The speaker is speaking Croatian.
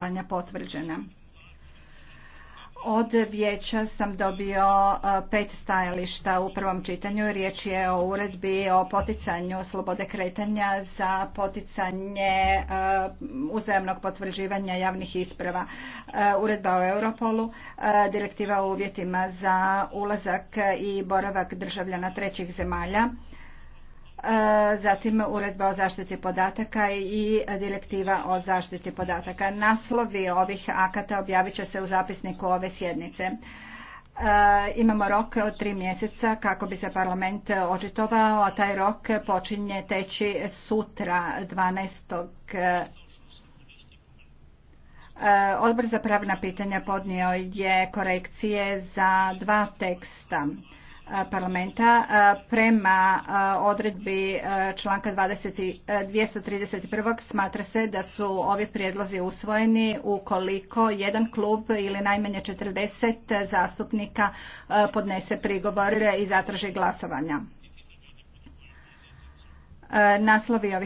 glasovanja potvrđena. Od vijeća sam dobio e, pet stajališta u prvom čitanju. Riječ je o uredbi o poticanju slobode kretanja za poticanje e, uzajemnog potvrđivanja javnih isprava. E, Uredba o Europolu, direktiva o uvjetima za ulazak i boravak državljana trećih zemalja, E, zatim uredba o zaštiti podataka i direktiva o zaštiti podataka. Naslovi ovih akata objavit će se u zapisniku ove sjednice. E, imamo rok od tri mjeseca kako bi se parlament očitovao, a taj rok počinje teći sutra 12. E, Odbor za pravna pitanja podnio je korekcije za dva teksta parlamenta prema odredbi članka 20, 231. smatra se da su ovi prijedlozi usvojeni ukoliko jedan klub ili najmanje 40 zastupnika podnese prigovor i zatraži glasovanja. Naslovi ovih